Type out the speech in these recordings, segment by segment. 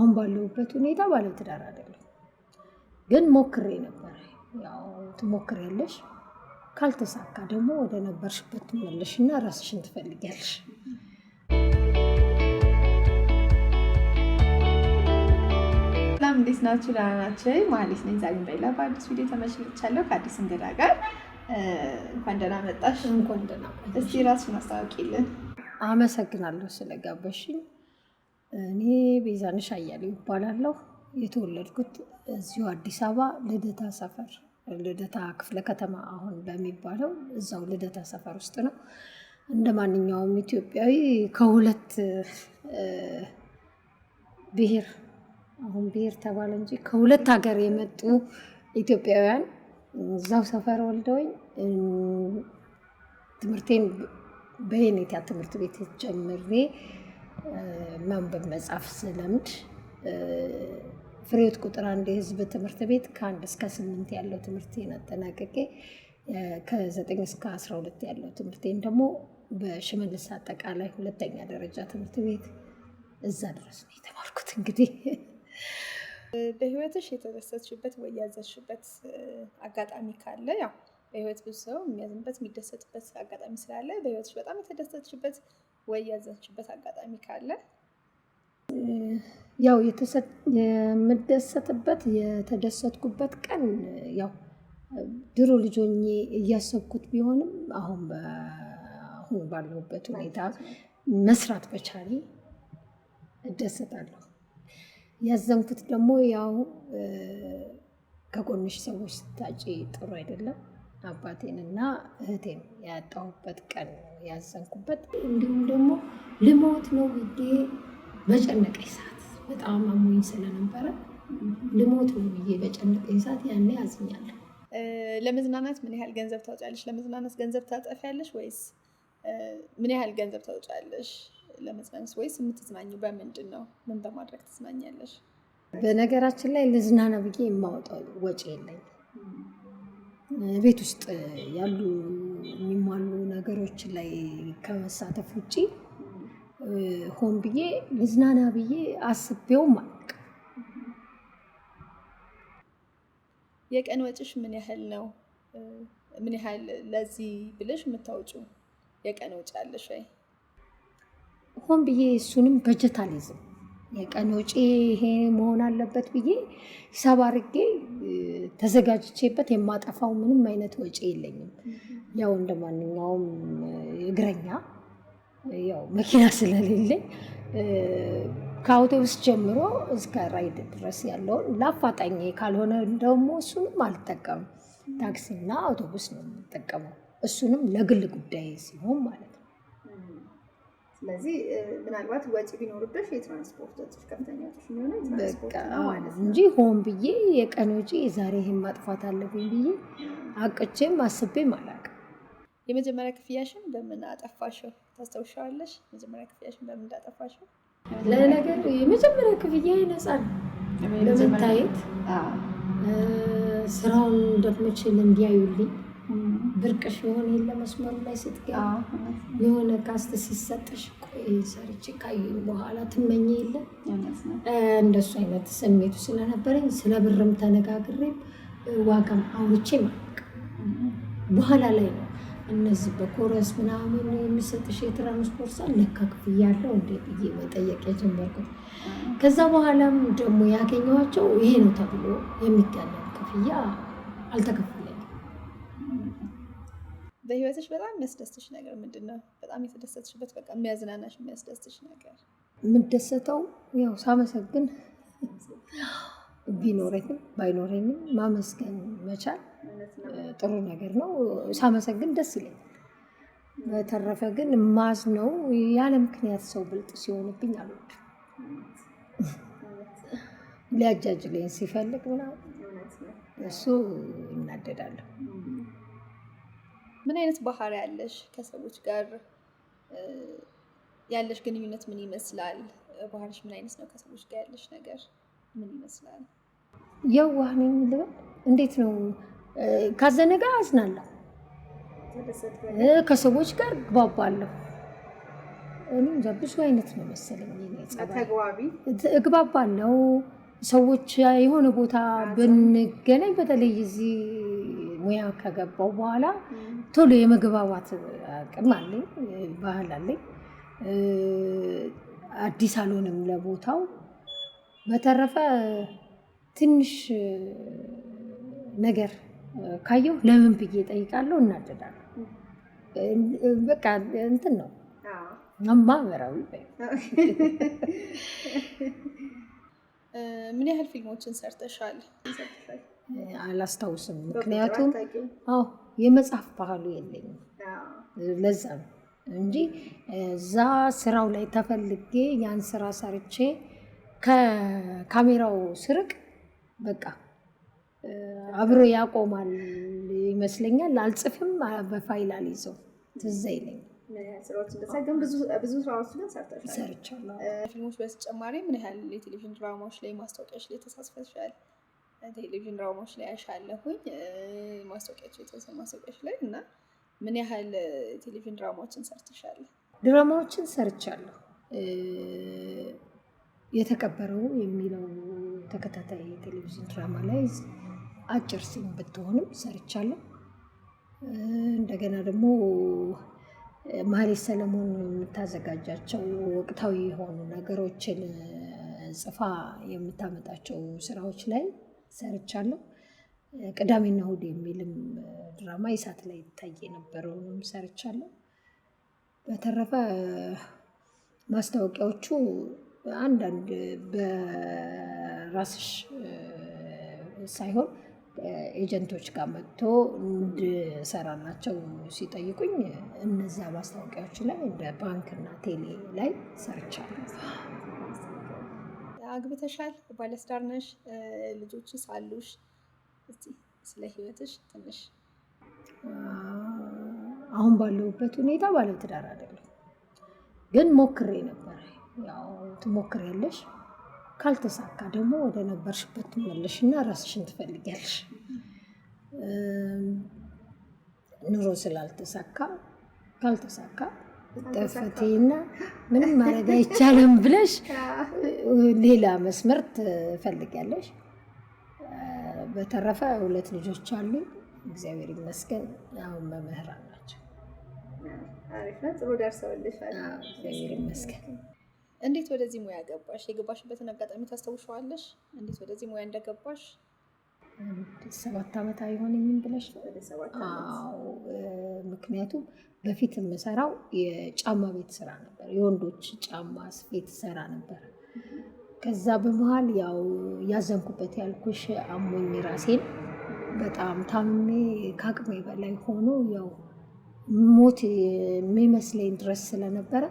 አሁን ባለሁበት ሁኔታ ባለትዳር አይደለም፣ ግን ሞክሬ ነበረ። ያው ትሞክሪያለሽ፣ ካልተሳካ ደግሞ ወደ ነበርሽበት ትመለሽ እና ራስሽን ትፈልጊያለሽ። ሰላም፣ እንዴት ናችሁ? ደህና ናችሁ? መሀሌት ነኝ። ዛሬም በሌላ በአዲስ ቪዲዮ ተመልሻለሁ ከአዲስ እንግዳ ጋር። እንኳን ደህና መጣሽ። እንኳን ደህና። እስኪ ራስሽን አስታውቂልን። አመሰግናለሁ ስለጋበሽኝ። እኔ ቤዛንሽ አያሌው ይባላለሁ። የተወለድኩት እዚሁ አዲስ አበባ ልደታ ሰፈር ልደታ ክፍለ ከተማ አሁን በሚባለው እዛው ልደታ ሰፈር ውስጥ ነው። እንደ ማንኛውም ኢትዮጵያዊ ከሁለት ብሔር አሁን ብሔር ተባለ እንጂ ከሁለት ሀገር የመጡ ኢትዮጵያውያን እዛው ሰፈር ወልደውኝ ትምህርቴን በየኔታ ትምህርት ቤት ጀምሬ ማንበብ መጻፍ ስለምድ ፍሬዎት ቁጥር አንድ የህዝብ ትምህርት ቤት ከአንድ እስከ ስምንት ያለው ትምህርቴን አጠናቀቄ ከዘጠኝ እስከ አስራ ሁለት ያለው ትምህርቴን ደግሞ በሽመልስ አጠቃላይ ሁለተኛ ደረጃ ትምህርት ቤት እዛ ድረስ ነው የተማርኩት። እንግዲህ በህይወትሽ የተደሰትሽበት ወይ ያዘሽበት አጋጣሚ ካለ ያው በህይወት ብዙ ሰው የሚያዝንበት የሚደሰትበት አጋጣሚ ስላለ በህይወትሽ በጣም የተደሰትሽበት ወይ ያዘችበት አጋጣሚ ካለ ያው የምደሰትበት የተደሰትኩበት ቀን ያው ድሮ ልጆኜ እያሰብኩት ቢሆንም አሁን አሁን ባለሁበት ሁኔታ መስራት በቻሌ እደሰታለሁ። ያዘንኩት ደግሞ ያው ከጎንሽ ሰዎች ስታጪ ጥሩ አይደለም። አባቴንና እህቴን ያጣሁበት ቀን ነው ያዘንኩበት። እንዲሁም ደግሞ ልሞት ነው ብዬ በጨነቀኝ ሰዓት በጣም አሞኝ ስለነበረ ልሞት ነው ብዬ በጨነቀኝ ሰዓት ያኔ አዝኛለሁ። ለመዝናናት ምን ያህል ገንዘብ ታውጫለሽ? ለመዝናናት ገንዘብ ታጠፊያለሽ ወይስ ምን ያህል ገንዘብ ታውጫለሽ ለመዝናናት? ወይስ የምትዝናኙ በምንድን ነው? ምን በማድረግ ትዝናኛለሽ? በነገራችን ላይ ልዝናና ብዬ የማወጣው ወጪ የለኝም ቤት ውስጥ ያሉ የሚሟሉ ነገሮች ላይ ከመሳተፍ ውጭ ሆን ብዬ መዝናና ብዬ አስቤውም አቅ የቀን ወጪሽ ምን ያህል ነው? ምን ያህል ለዚህ ብለሽ የምታውጪው የቀን ወጪ አለሽ ወይ? ሆን ብዬ እሱንም በጀት አልይዝም። የቀን ወጪ ይሄ መሆን አለበት ብዬ ሂሳብ አድርጌ ተዘጋጅቼበት የማጠፋው ምንም አይነት ወጪ የለኝም። ያው እንደ ማንኛውም እግረኛ ያው መኪና ስለሌለኝ ከአውቶቡስ ጀምሮ እስከ ራይድ ድረስ ያለውን ለአፋጣኝ ካልሆነ ደግሞ እሱንም አልጠቀምም። ታክሲና አውቶቡስ ነው የምጠቀመው፣ እሱንም ለግል ጉዳይ ሲሆን ማለት ነው። ስለዚህ ምናልባት ወጪ ቢኖርብሽ የትራንስፖርት ወጪሽ ከፍተኛ የሚሆነ እንጂ ሆን ብዬ የቀን ወጪ የዛሬ ይህን ማጥፋት አለብኝ ብዬ አቅቼም አስቤም አላውቅም። የመጀመሪያ ክፍያሽን በምን አጠፋሽው? ታስታውሻለሽ? መጀመሪያ ክፍያሽን በምን እንዳጠፋሽው? ለነገሩ የመጀመሪያ ክፍያ ይነጻል ነው ስራውን እንደምችል እንዲያዩልኝ ብርቅሽ የሆነ የለ መስመሩ ላይ ስትገባ የሆነ ካስት ሲሰጥሽ ቆይ ሰርቼ በኋላ ትመኝ የለ እንደሱ አይነት ስሜቱ ስለነበረኝ ስለ ብርም ተነጋግሬም ዋጋም አውርቼ ማቅ በኋላ ላይ ነው እነዚህ በኮረስ ምናምን የሚሰጥሽ የትራንስፖርት ለካ ክፍያ አለው ብዬ መጠየቅ የጀመርኩት። ከዛ በኋላም ደግሞ ያገኘኋቸው ይሄ ነው ተብሎ የሚገለል ክፍያ አልተከፈለም። በህይወትሽ በጣም የሚያስደስትሽ ነገር ምንድን ነው? በጣም የተደሰትሽበት በቃ የሚያዝናናሽ የሚያስደስትሽ ነገር? የምደሰተው ያው ሳመሰግን ቢኖረኝም ባይኖረኝም ማመስገን መቻል ጥሩ ነገር ነው። ሳመሰግን ደስ ይለኛል። በተረፈ ግን ማዝ ነው ያለ ምክንያት ሰው ብልጥ ሲሆንብኝ አልወድም። ሊያጃጅለኝ ሲፈልግ ምናምን እሱ እናደዳለሁ። ምን አይነት ባህሪ ያለሽ? ከሰዎች ጋር ያለሽ ግንኙነት ምን ይመስላል? ባህሪሽ ምን አይነት ነው? ከሰዎች ጋር ያለሽ ነገር ምን ይመስላል? የዋህ ነኝ ልበል? እንዴት ነው? ካዘነ ጋር አዝናለሁ፣ ከሰዎች ጋር እግባባለሁ። እኔ እንጃ ብዙ አይነት ነው መሰለኝ እግባባለሁ። ሰዎች የሆነ ቦታ ብንገናኝ በተለይ እዚህ ሙያ ከገባው በኋላ ቶሎ የመግባባት አቅም አለኝ፣ ባህል አለኝ። አዲስ አልሆንም ለቦታው። በተረፈ ትንሽ ነገር ካየው ለምን ብዬ ጠይቃለሁ፣ እናደዳለሁ። በቃ እንትን ነው ማህበራዊ። ምን ያህል ፊልሞችን ሰርተሻል? አላስታውስም። ምክንያቱም አዎ የመጽሐፍ ባህሉ የለኝም። ለዛ ነው እንጂ እዛ ስራው ላይ ተፈልጌ ያን ስራ ሰርቼ ከካሜራው ስርቅ በቃ አብሮ ያቆማል ይመስለኛል። አልጽፍም፣ በፋይል አልይዘው ትዝ አይለኝም። ግን ብዙ ስራዎች ግን ሰርተሻል። ፊልሞች በተጨማሪ ምን ያህል የቴሌቪዥን ድራማዎች ላይ ማስታወቂያዎች ላይ ተሳትፈሻል? ቴሌቪዥን ድራማዎች ላይ ያሻለሁኝ ማስታወቂያቸው የተወሰነ ማስታወቂያች ላይ እና ምን ያህል ቴሌቪዥን ድራማዎችን ሰርተሻለ? ድራማዎችን ሰርቻለሁ። የተቀበረው የሚለው ተከታታይ የቴሌቪዥን ድራማ ላይ አጭር ሲም ብትሆንም ሰርቻለሁ። እንደገና ደግሞ መሀሌት ሰለሞን የምታዘጋጃቸው ወቅታዊ የሆኑ ነገሮችን ጽፋ የምታመጣቸው ስራዎች ላይ ሰርቻለሁ። ቅዳሜና እሁድ የሚልም ድራማ ኢሳት ላይ ይታይ የነበረውንም ሰርቻለሁ። በተረፈ ማስታወቂያዎቹ አንዳንድ በራስሽ ሳይሆን ኤጀንቶች ጋር መጥቶ እንድሰራላቸው ሲጠይቁኝ እነዚያ ማስታወቂያዎች ላይ እንደ ባንክ እና ቴሌ ላይ ሰርቻለሁ። አግብተሻል፣ ባለስዳር ነሽ፣ ልጆች ሳሉሽ? እስቲ ስለ ህይወትሽ ትንሽ። አሁን ባለሁበት ሁኔታ ባለትዳር አይደለም፣ ግን ሞክሬ ነበረ። ያው ትሞክሪያለሽ፣ ካልተሳካ ደግሞ ወደ ነበርሽበት ትመለሽ እና ራስሽን ትፈልጊያለሽ። ኑሮ ስላልተሳካ ካልተሳካ ጠፈቴና ምንም ማድረግ አይቻልም ብለሽ ሌላ መስመር ትፈልጊያለሽ። በተረፈ ሁለት ልጆች አሉ፣ እግዚአብሔር ይመስገን አሁን መምህራን ናቸው። እግዚአብሔር ይመስገን። እንዴት ወደዚህ ሙያ ገባሽ? የገባሽበትን አጋጣሚ ታስታውሻለሽ? እንዴት ወደዚህ ሙያ እንደገባሽ ሰባት ዓመት አይሆነኝም ብለሽ ነው? ምክንያቱም በፊት የምሰራው የጫማ ቤት ስራ ነበር። የወንዶች ጫማ ስፌት ስራ ነበር። ከዛ በመሀል ያው ያዘንኩበት ያልኩሽ አሞኝ ራሴን በጣም ታምሜ ከአቅሜ በላይ ሆኖ ያው ሞት የሚመስለኝ ድረስ ስለነበረ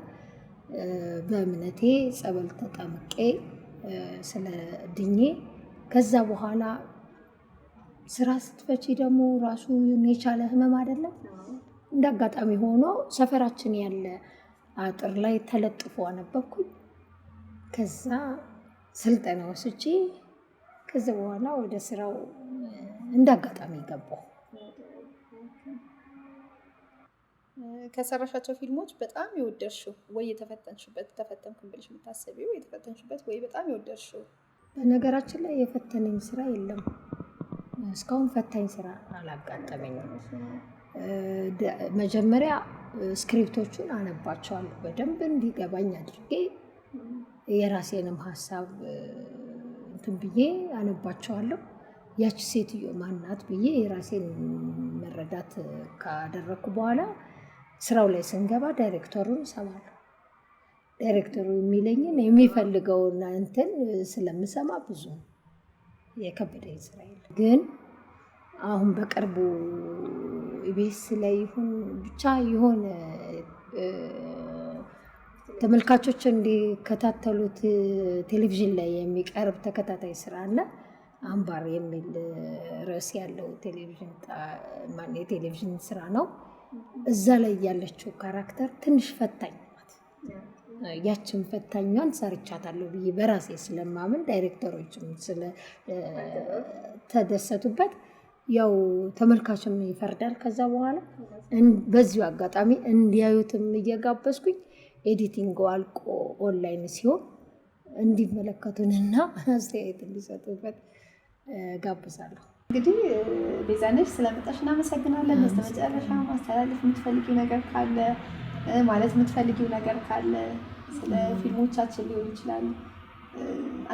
በእምነቴ ጸበል ተጠምቄ ስለ ድኜ ከዛ በኋላ ስራ ስትፈቺ ደግሞ ራሱ የቻለ ህመም አይደለም። እንደ አጋጣሚ ሆኖ ሰፈራችን ያለ አጥር ላይ ተለጥፎ አነበብኩኝ። ከዛ ስልጠና ወስጄ ከዚ በኋላ ወደ ስራው እንደ አጋጣሚ ገባሁ። ከሰራሻቸው ፊልሞች በጣም የወደድሽው ወይ የተፈተንሽበት ተፈተንኩን ብለሽ የምታሰቢው የተፈተንሽበት ወይ በጣም የወደድሽው? በነገራችን ላይ የፈተነኝ ስራ የለም። እስካሁን ፈታኝ ስራ አላጋጠመኝም። መጀመሪያ ስክሪፕቶቹን አነባቸዋለሁ በደንብ እንዲገባኝ አድርጌ የራሴንም ሀሳብ እንትን ብዬ አነባቸዋለሁ። ያች ሴትዮ ማናት ብዬ የራሴን መረዳት ካደረግኩ በኋላ ስራው ላይ ስንገባ ዳይሬክተሩን እሰማለሁ። ዳይሬክተሩ የሚለኝን የሚፈልገውን እንትን ስለምሰማ ብዙ የከበደ እስራኤል ግን አሁን በቅርቡ ኢቢኤስ ላይ ይሁን ብቻ የሆነ ተመልካቾች እንዲከታተሉት ቴሌቪዥን ላይ የሚቀርብ ተከታታይ ስራ አለ። አምባር የሚል ርዕስ ያለው ቴሌቪዥን የቴሌቪዥን ስራ ነው። እዛ ላይ ያለችው ካራክተር ትንሽ ፈታኝ ናት። ያችን ፈታኛን ሰርቻታለሁ ብዬ በራሴ ስለማምን ዳይሬክተሮችም ስለተደሰቱበት ያው ተመልካችም ይፈርዳል። ከዛ በኋላ በዚሁ አጋጣሚ እንዲያዩትም እየጋበዝኩኝ ኤዲቲንግ አልቆ ኦንላይን ሲሆን እንዲመለከቱንና አስተያየት እንዲሰጡበት ጋብዛለሁ። እንግዲህ ቤዛነሽ ስለመጣሽ እናመሰግናለን። በስተመጨረሻ ማስተላለፍ የምትፈልጊው ነገር ካለ ማለት የምትፈልጊው ነገር ካለ ስለ ፊልሞቻችን ሊሆን ይችላል።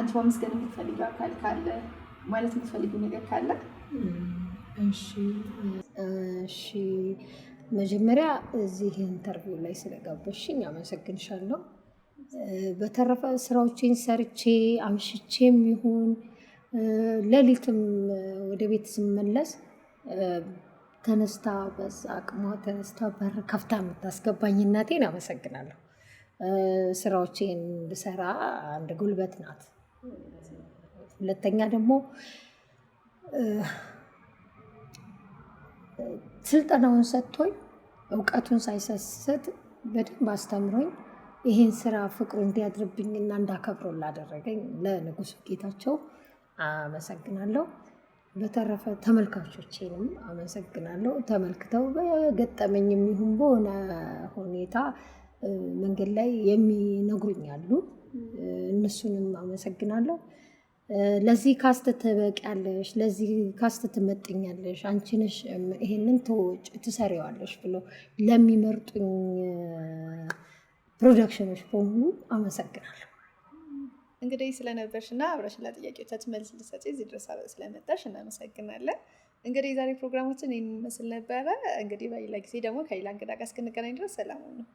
አንቺ ማመስገን የምትፈልጊው አካል ካለ ማለት የምትፈልጊው ነገር ካለ። እሺ፣ መጀመሪያ እዚህ ኢንተርቪው ላይ ስለጋበሽኝ አመሰግንሻለሁ። በተረፈ ስራዎቼን ሰርቼ አምሽቼም ይሁን ሌሊትም ወደ ቤት ስመለስ ተነስታ በዛ አቅሟ ተነስታ በር ከፍታ የምታስገባኝ እናቴን አመሰግናለሁ። ስራዎቼ እንድሰራ አንድ ጉልበት ናት። ሁለተኛ ደግሞ ስልጠናውን ሰጥቶኝ እውቀቱን ሳይሰስት በደንብ አስተምሮኝ ይህን ስራ ፍቅሩ እንዲያድርብኝና እንዳከብሮ ላደረገኝ ለንጉሱ ጌታቸው አመሰግናለሁ። በተረፈ ተመልካቾቼንም አመሰግናለሁ። ተመልክተው በገጠመኝም ይሁን በሆነ ሁኔታ መንገድ ላይ የሚነግሩኝ አሉ። እነሱንም አመሰግናለሁ። ለዚህ ካስት ትበቂያለሽ፣ ለዚህ ካስት ትመጥኛለሽ፣ አንቺ ነሽ ይሄንን ትወጪ ትሰሪዋለሽ ብሎ ለሚመርጡኝ ፕሮዳክሽኖች በሙሉ አመሰግናለሁ። እንግዲህ ስለነበርሽ እና አብረሽን ለጥያቄዎቻችን መልስ ልሰጪ እዚህ ድረስ ስለመጣሽ እናመሰግናለን። እንግዲህ የዛሬ ፕሮግራማችን ይህን ይመስል ነበረ። እንግዲህ በሌላ ጊዜ ደግሞ ከሌላ እንግዳ ጋር እስክንገናኝ ድረስ ሰላም ነው።